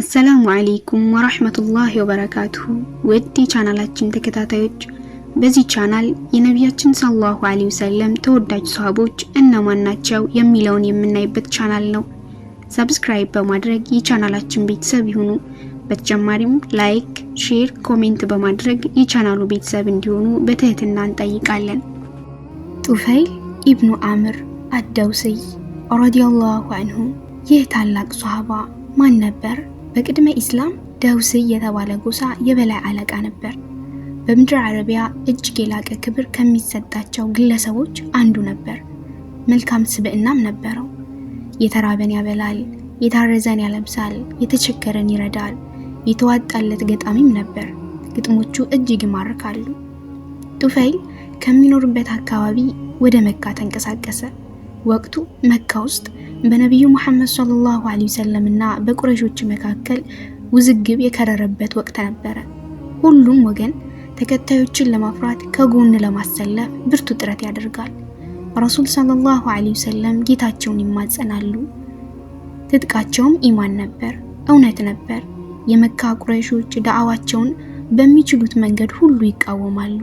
አሰላሙ አሌይኩም ወራህመቱላሂ ወበረካቱሁ ውድ የቻናላችን ተከታታዮች፣ በዚህ ቻናል የነቢያችን ሰለላሁ ዐለይሂ ወሰለም ተወዳጅ ሰሃቦች እነማን ናቸው የሚለውን የምናይበት ቻናል ነው። ሰብስክራይብ በማድረግ የቻናላችን ቤተሰብ ይሁኑ። በተጨማሪም ላይክ፣ ሼር፣ ኮሜንት በማድረግ የቻናሉ ቤተሰብ እንዲሆኑ በትህትና እንጠይቃለን። ጡፈይል ኢብኑ አምር አደውስይ ረዲየላሁ አንሁ ይህ ታላቅ ሶሃባ ማን ነበር? በቅድመ ኢስላም ደውስ የተባለ ጎሳ የበላይ አለቃ ነበር። በምድር አረቢያ እጅግ የላቀ ክብር ከሚሰጣቸው ግለሰቦች አንዱ ነበር። መልካም ስብዕናም ነበረው። የተራበን ያበላል፣ የታረዘን ያለብሳል፣ የተቸገረን ይረዳል። የተዋጣለት ገጣሚም ነበር። ግጥሞቹ እጅግ ይማርካሉ። ጡፈይል ከሚኖርበት አካባቢ ወደ መካ ተንቀሳቀሰ። ወቅቱ መካ ውስጥ በነቢዩ ሙሐመድ ሰለላሁ ዐለይሂ ወሰለም እና በቁረሾች መካከል ውዝግብ የከረረበት ወቅት ነበረ። ሁሉም ወገን ተከታዮችን ለማፍራት ከጎን ለማሰለፍ ብርቱ ጥረት ያደርጋል። ረሱል ሰለላሁ ዐለይሂ ወሰለም ጌታቸውን ይማጸናሉ። ትጥቃቸውም ኢማን ነበር፣ እውነት ነበር። የመካ ቁረሾች ዳዕዋቸውን በሚችሉት መንገድ ሁሉ ይቃወማሉ።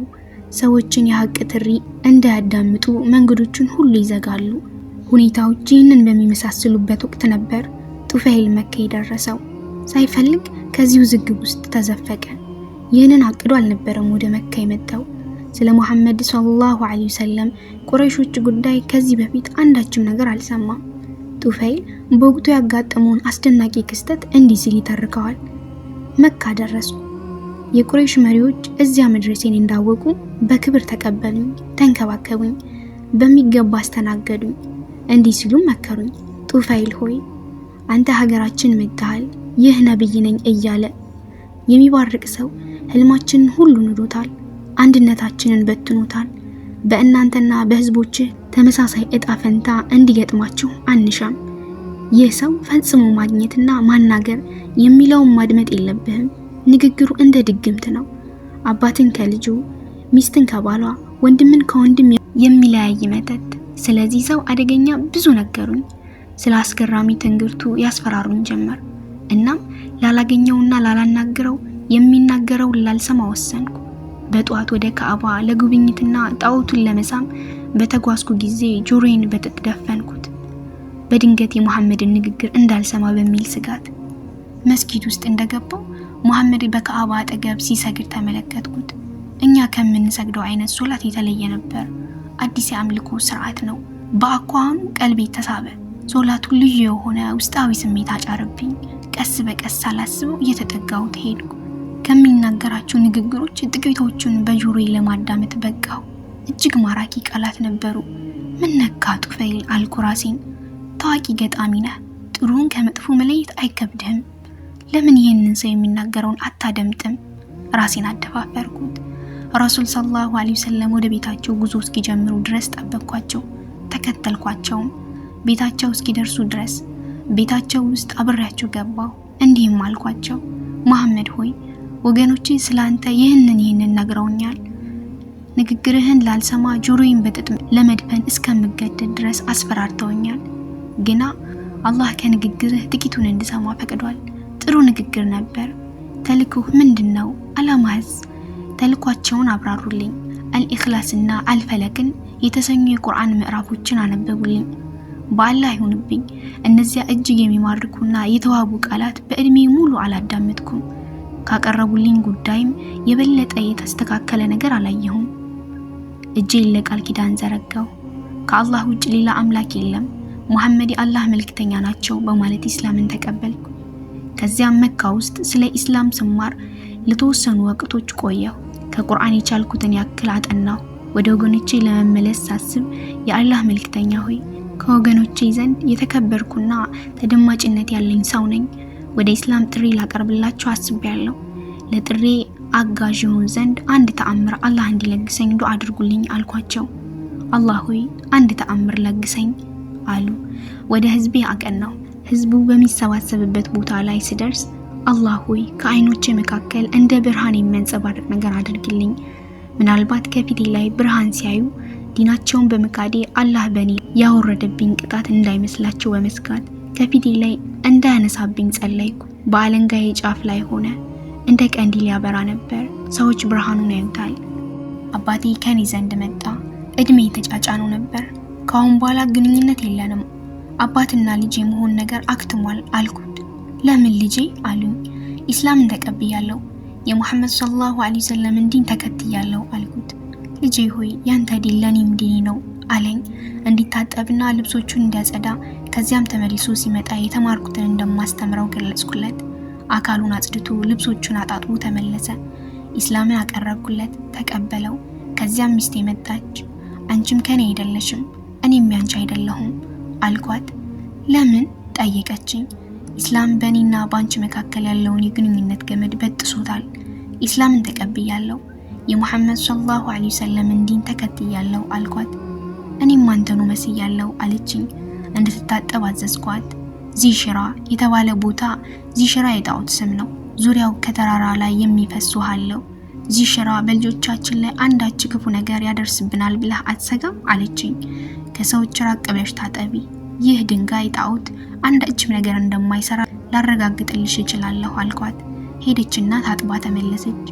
ሰዎችን የሀቅ ትሪ እንዳያዳምጡ መንገዶችን ሁሉ ይዘጋሉ። ሁኔታዎች ይህንን በሚመሳስሉበት ወቅት ነበር ጡፈይል መካ የደረሰው። ሳይፈልግ ከዚህ ውዝግብ ውስጥ ተዘፈቀ። ይህንን አቅዶ አልነበረም ወደ መካ የመጣው። ስለ ሙሐመድ ሰለላሁ ዐለይሂ ወሰለም ቁረይሾች ጉዳይ ከዚህ በፊት አንዳችም ነገር አልሰማም። ጡፈይል በወቅቱ ያጋጠመውን አስደናቂ ክስተት እንዲህ ሲል ይተርከዋል። መካ ደረሱ። የቁረይሽ መሪዎች እዚያ መድረሴን እንዳወቁ በክብር ተቀበሉኝ፣ ተንከባከቡኝ፣ በሚገባ አስተናገዱኝ። እንዲህ ሲሉም መከሩኝ። ጡፋይል ሆይ አንተ ሀገራችን መጣል ይህ ነብይ ነኝ እያለ የሚባርቅ ሰው ህልማችንን ሁሉ ንዶታል፣ አንድነታችንን በትኖታል። በእናንተና በህዝቦችህ ተመሳሳይ እጣ ፈንታ እንዲገጥማችሁ አንሻም። ይህ ሰው ፈጽሞ ማግኘትና ማናገር የሚለውን ማድመጥ የለብህም። ንግግሩ እንደ ድግምት ነው። አባትን ከልጁ ሚስትን ከባሏ ወንድምን ከወንድም የሚለያይ መተት ስለዚህ ሰው አደገኛ ብዙ ነገሩኝ። ስለ አስገራሚ ትንግርቱ ያስፈራሩኝ ጀመር። እናም ላላገኘውና ላላናግረው የሚናገረውን ላልሰማ ወሰንኩ። በጠዋት ወደ ካዕባ ለጉብኝትና ጣዖቱን ለመሳም በተጓዝኩ ጊዜ ጆሮዬን በጥጥ ደፈንኩት። በድንገት የመሐመድን ንግግር እንዳልሰማ በሚል ስጋት መስጊድ ውስጥ እንደገባው መሐመድ በካዕባ አጠገብ ሲሰግድ ተመለከትኩት። እኛ ከምንሰግደው አይነት ሶላት የተለየ ነበር። አዲስ የአምልኮ ስርዓት ነው። በአኳኋኑ ቀልቤ ተሳበ። ዞላቱ ልዩ የሆነ ውስጣዊ ስሜት አጫርብኝ። ቀስ በቀስ ሳላስበው እየተጠጋው ተሄድኩ። ከሚናገራቸው ንግግሮች ጥቂቶቹን በጆሮዬ ለማዳመጥ በቃው። እጅግ ማራኪ ቃላት ነበሩ። ምን ነካ ጡፈይ አልኩ ራሴን። ታዋቂ ገጣሚ ነህ፣ ጥሩን ከመጥፎ መለየት አይከብድህም። ለምን ይህንን ሰው የሚናገረውን አታደምጥም? ራሴን አደፋፈርኩት። ረሱል ሰለላሁ ዐለይሂ ወሰለም ወደ ቤታቸው ጉዞ እስኪጀምሩ ድረስ ጠበቅኳቸው፣ ተከተልኳቸውም። ቤታቸው እስኪደርሱ ድረስ ቤታቸው ውስጥ አብሬያቸው ገባሁ። እንዲህም አልኳቸው፣ መሐመድ ሆይ ወገኖቼ ስለ አንተ ይህንን ይህንን ነግረውኛል። ንግግርህን ላልሰማ ጆሮዬን በጥጥ ለመድፈን እስከምገደድ ድረስ አስፈራርተውኛል። ግና አላህ ከንግግርህ ጥቂቱን እንድሰማ ፈቅዷል። ጥሩ ንግግር ነበር። ተልእኮህ ምንድን ነው? አላማህስ? ተልኳቸውን አብራሩልኝ። አልኢኽላስና እና የተሰኙ የቁርአን ምዕራፎችን አነበቡልኝ። በአላህ ይሁንብኝ እነዚያ እጅግ የሚማርኩና የተዋቡ ቃላት በእድሜ ሙሉ አላዳመጥኩም። ካቀረቡልኝ ጉዳይም የበለጠ የተስተካከለ ነገር አላየሁም። እጄን ለቃል ኪዳን ዘረጋው። ከአላህ ውጭ ሌላ አምላክ የለም፣ ሙሐመድ የአላህ መልክተኛ ናቸው በማለት ኢስላምን ተቀበልኩ። ከዚያም መካ ውስጥ ስለ ኢስላም ስማር ለተወሰኑ ወቅቶች ቆየሁ። ከቁርአን የቻልኩትን ያክል አጠናሁ። ወደ ወገኖቼ ለመመለስ ሳስብ የአላህ መልክተኛ ሆይ ከወገኖቼ ዘንድ የተከበርኩና ተደማጭነት ያለኝ ሰው ነኝ። ወደ ኢስላም ጥሪ ላቀርብላችሁ አስቤያለሁ። ለጥሬ አጋዥ ይሆን ዘንድ አንድ ተአምር አላህ እንዲለግሰኝ ዱዓ አድርጉልኝ አልኳቸው። አላህ ሆይ አንድ ተአምር ለግሰኝ አሉ። ወደ ህዝቤ አቀናው። ህዝቡ በሚሰባሰብበት ቦታ ላይ ስደርስ አላህ ሆይ ከአይኖቼ መካከል እንደ ብርሃን የሚያንጸባርቅ ነገር አድርግልኝ። ምናልባት ከፊቴ ላይ ብርሃን ሲያዩ ዲናቸውን በመካዴ አላህ በእኔ ያወረደብኝ ቅጣት እንዳይመስላቸው በመስጋት ከፊቴ ላይ እንዳያነሳብኝ ጸለይኩ። በአለንጋዬ ጫፍ ላይ ሆነ፣ እንደ ቀንዲል ያበራ ነበር። ሰዎች ብርሃኑን ያዩታል። አባቴ ከኔ ዘንድ መጣ። እድሜ የተጫጫኑ ነበር። ከአሁን በኋላ ግንኙነት የለንም፣ አባትና ልጅ የመሆን ነገር አክትሟል አልኩ። ለምን ልጄ አሉኝ። ኢስላምን ተቀብያለሁ የሙሐመድ ሰለላሁ ዐለይሂ ወሰለም እንዲን ተከትያለሁ አልኩት። ልጄ ሆይ ያንተ ዲን ለእኔም ዲኔ ነው አለኝ። እንዲታጠብና ልብሶቹን እንዲያጸዳ ከዚያም ተመልሶ ሲመጣ የተማርኩትን እንደማስተምረው ገለጽኩለት። አካሉን አጽድቶ ልብሶቹን አጣጥቦ ተመለሰ። ኢስላምን አቀረብኩለት፣ ተቀበለው። ከዚያም ሚስቴ መጣች። አንቺም ከኔ አይደለሽም እኔም ያንቺ አይደለሁም አልኳት። ለምን ጠየቀችኝ። ኢስላም በእኔና በአንቺ መካከል ያለውን የግንኙነት ገመድ በጥሶታል። ኢስላምን ተቀብያለሁ፣ የሙሐመድ ሰለላሁ ዐለይሂ ወሰለም እንዲን ተከትያለሁ አልኳት። እኔም አንተኑ መስያለሁ አለችኝ። እንድትታጠብ አዘዝኳት። ዚሽራ የተባለ ቦታ ዚሽራ የጣዖት ስም ነው። ዙሪያው ከተራራ ላይ የሚፈስ ውሃ አለው። ዚሽራ በልጆቻችን ላይ አንዳች ክፉ ነገር ያደርስብናል ብለህ አትሰጋም አለችኝ። ከሰዎች ራቅ ብለሽ ታጠቢ ይህ ድንጋይ ጣዖት አንዳችም ነገር እንደማይሰራ ላረጋግጥልሽ እችላለሁ አልኳት። ሄደችና ታጥባ ተመለሰች።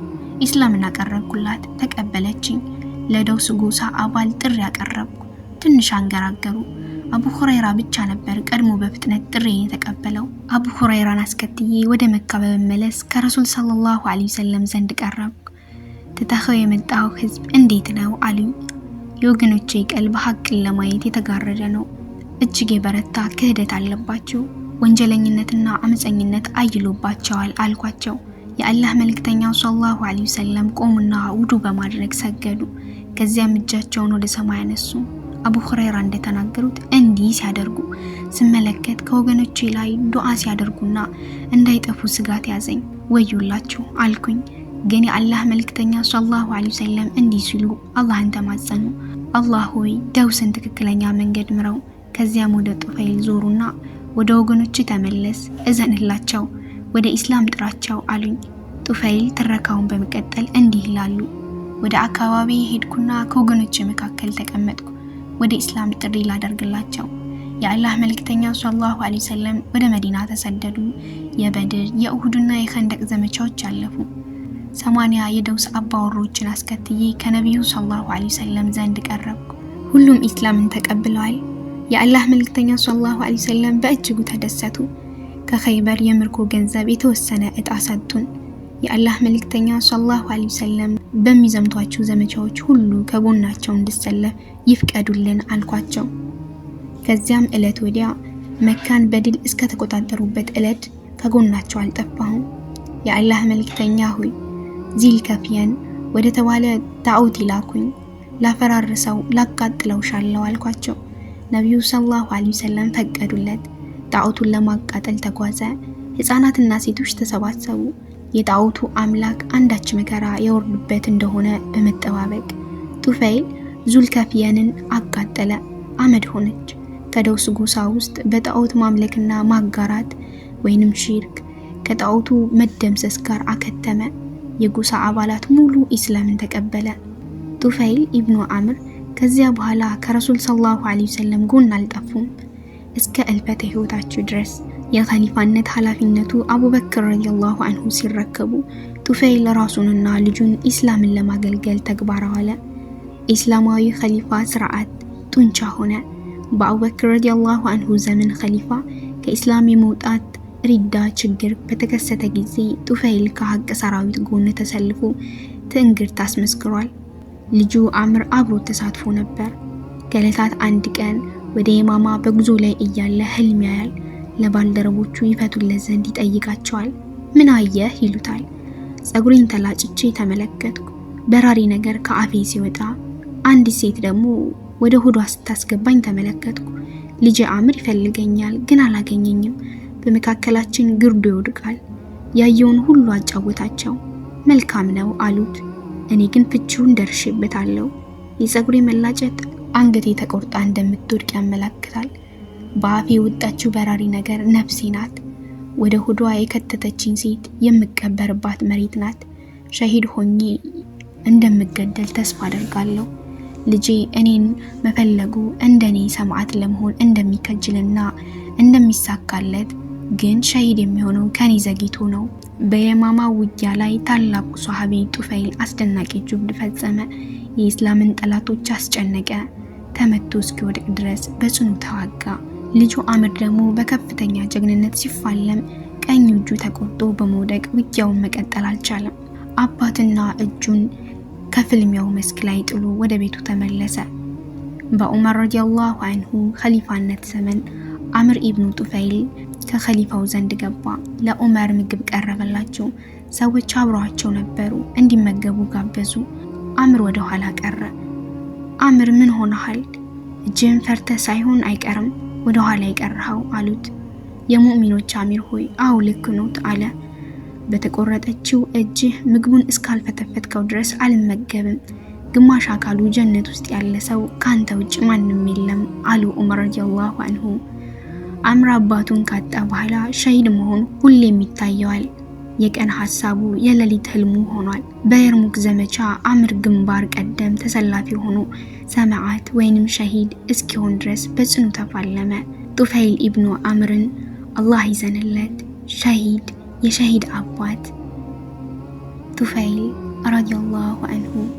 ኢስላምን አቀረብኩላት፣ ተቀበለችኝ። ለደውስ ጎሳ አባል ጥሪ አቀረብኩ። ትንሽ አንገራገሩ። አቡ ሁረይራ ብቻ ነበር ቀድሞ በፍጥነት ጥሬን የተቀበለው። አቡ ሁረይራን አስከትዬ ወደ መካ በመመለስ ከረሱል ሰለላሁ ዐለይሂ ወሰለም ዘንድ ቀረብኩ። ትተኸው የመጣው ህዝብ እንዴት ነው አሉኝ። የወገኖቼ ቀልብ ሀቅን ለማየት የተጋረደ ነው። እጅግ የበረታ ክህደት አለባችሁ፣ ወንጀለኝነትና አመፀኝነት አይሎባቸዋል አልኳቸው። የአላህ መልእክተኛው ሰለላሁ ዐለይሂ ወሰለም ቆሙና ውዱ በማድረግ ሰገዱ። ከዚያም እጃቸውን ወደ ሰማይ አነሱ። አቡ ሁረይራ እንደተናገሩት እንዲህ ሲያደርጉ ስመለከት ከወገኖቼ ላይ ዱዓ ሲያደርጉና እንዳይጠፉ ስጋት ያዘኝ። ወዮላችሁ አልኩኝ። ግን የአላህ መልእክተኛ ሰለላሁ ዐለይሂ ወሰለም እንዲህ ሲሉ አላህን ተማጸኑ። አላህ ሆይ ደውስን ትክክለኛ መንገድ ምረው ከዚያም ወደ ጡፈይል ዞሩና ወደ ወገኖች ተመለስ፣ እዘንላቸው፣ ወደ ኢስላም ጥራቸው አሉኝ። ጡፈይል ትረካውን በመቀጠል እንዲህ ይላሉ። ወደ አካባቢ ሄድኩና ከወገኖች መካከል ተቀመጥኩ። ወደ ኢስላም ጥሪ ላደርግላቸው የአላህ መልክተኛ ሰለላሁ ዐለይሂ ወሰለም ወደ መዲና ተሰደዱ። የበድር የኡሁድና የኸንደቅ ዘመቻዎች አለፉ። ሰማንያ የደውስ አባወሮችን አስከትዬ ከነቢዩ ሰለላሁ ዐለይሂ ወሰለም ዘንድ ቀረብኩ። ሁሉም ኢስላምን ተቀብለዋል። የአላህ መልክተኛ ሰለላሁ ዐለይሂ ወሰለም በእጅጉ ተደሰቱ። ከኸይበር የምርኮ ገንዘብ የተወሰነ እጣ ሰጡን። የአላህ መልክተኛ ሰለላሁ ዐለይሂ ወሰለም በሚዘምቷቸው ዘመቻዎች ሁሉ ከጎናቸው እንድሰለፍ ይፍቀዱልን አልኳቸው። ከዚያም ዕለት ወዲያ መካን በድል እስከተቆጣጠሩበት ዕለት ከጎናቸው አልጠፋሁም። የአላህ መልክተኛ ሆይ ዚልከፊየን ወደ ተባለ ጣዖት ይላኩኝ፣ ላፈራርሰው ላቃጥለው ሻለው አልኳቸው። ነቢዩ ሰለላሁ ዐለይሂ ወሰለም ፈቀዱለት። ጣዖቱን ለማቃጠል ተጓዘ። ሕፃናትና ሴቶች ተሰባሰቡ። የጣዖቱ አምላክ አንዳች መከራ ያወርዱበት እንደሆነ በመጠባበቅ ጡፈይል ዙልከፍየንን አቃጠለ። አመድ ሆነች። ከደውስ ጎሳ ውስጥ በጣዖት ማምለክና ማጋራት ወይንም ሺርክ ከጣዖቱ መደምሰስ ጋር አከተመ። የጎሳ አባላት ሙሉ ኢስላምን ተቀበለ። ቱፈይል ኢብኑ አምር ከዚያ በኋላ ከረሱል ሰለላሁ ዐለይሂ ወሰለም ጎን አልጠፉም። እስከ እልፈተ ህይወታቸው ድረስ የኸሊፋነት ኃላፊነቱ አቡበክር ረዲየላሁ አንሁ ሲረከቡ ጡፈይል ራሱንና ልጁን ኢስላምን ለማገልገል ተግባር አዋለ። ኢስላማዊ ኸሊፋ ስርዓት ጡንቻ ሆነ። በአቡበክር ረዲየላሁ አንሁ ዘመን ኸሊፋ ከኢስላም የመውጣት ሪዳ ችግር በተከሰተ ጊዜ ጡፈይል ከሀቅ ሰራዊት ጎን ተሰልፎ ትዕንግርት አስመስክሯል። ልጁ አምር አብሮት ተሳትፎ ነበር። ከዕለታት አንድ ቀን ወደ የማማ በጉዞ ላይ እያለ ህልም ያያል። ለባልደረቦቹ ይፈቱለት ዘንድ ይጠይቃቸዋል። ምን አየህ ይሉታል። ጸጉሬን ተላጭቼ ተመለከትኩ፣ በራሪ ነገር ከአፌ ሲወጣ፣ አንዲት ሴት ደግሞ ወደ ሆዷ ስታስገባኝ ተመለከትኩ። ልጄ አምር ይፈልገኛል፣ ግን አላገኘኝም። በመካከላችን ግርዶ ይወድቃል። ያየውን ሁሉ አጫወታቸው። መልካም ነው አሉት። እኔ ግን ፍቺውን ደርሼበታለሁ። የፀጉሬ መላጨት አንገቴ ተቆርጣ እንደምትወድቅ ያመላክታል። በአፌ የወጣችው በራሪ ነገር ነፍሴ ናት። ወደ ሆዷ የከተተችኝ ሴት የምቀበርባት መሬት ናት። ሸሂድ ሆኜ እንደምገደል ተስፋ አደርጋለሁ። ልጄ እኔን መፈለጉ እንደኔ ሰማዕት ለመሆን እንደሚከጅልና እንደሚሳካለት ግን ሸሂድ የሚሆነው ከኔ ዘግይቶ ነው። በየማማ ውጊያ ላይ ታላቁ ሰሃቢ ጡፈይል አስደናቂ ጁብድ ፈጸመ። የኢስላምን ጠላቶች አስጨነቀ። ተመቶ እስኪወድቅ ድረስ በጽኑ ተዋጋ። ልጁ አምር ደግሞ በከፍተኛ ጀግንነት ሲፋለም ቀኝ እጁ ተቆርጦ በመውደቅ ውጊያውን መቀጠል አልቻለም። አባትና እጁን ከፍልሚያው መስክ ላይ ጥሎ ወደ ቤቱ ተመለሰ። በዑመር ረዲየላሁ አንሁ ኸሊፋነት ዘመን አምር ኢብኑ ጡፈይል ከኸሊፋው ዘንድ ገባ። ለዑመር ምግብ ቀረበላቸው። ሰዎች አብረዋቸው ነበሩ። እንዲመገቡ ጋበዙ። አምር ወደ ኋላ ቀረ። አምር ምን ሆነሃል? እጅን ፈርተ ሳይሆን አይቀርም ወደ ኋላ የቀረኸው አሉት። የሙእሚኖች አሚር ሆይ አሁ ልክ ኖት አለ። በተቆረጠችው እጅህ ምግቡን እስካልፈተፈትከው ድረስ አልመገብም። ግማሽ አካሉ ጀነት ውስጥ ያለ ሰው ከአንተ ውጭ ማንም የለም አሉ ዑመር ረዲየላሁ አንሁ። አምር አባቱን ካጣ በኋላ ሸሂድ መሆኑ ሁሌም ይታየዋል። የቀን ሀሳቡ የሌሊት ህልሙ ሆኗል። በየርሙክ ዘመቻ አምር ግንባር ቀደም ተሰላፊ ሆኖ ሰማዓት ወይንም ሸሂድ እስኪሆን ድረስ በጽኑ ተፋለመ። ጡፈይል ኢብኑ አምርን አላህ ይዘንለት፣ ሸሂድ የሸሂድ አባት ጡፈይል ረዲየላሁ አንሁ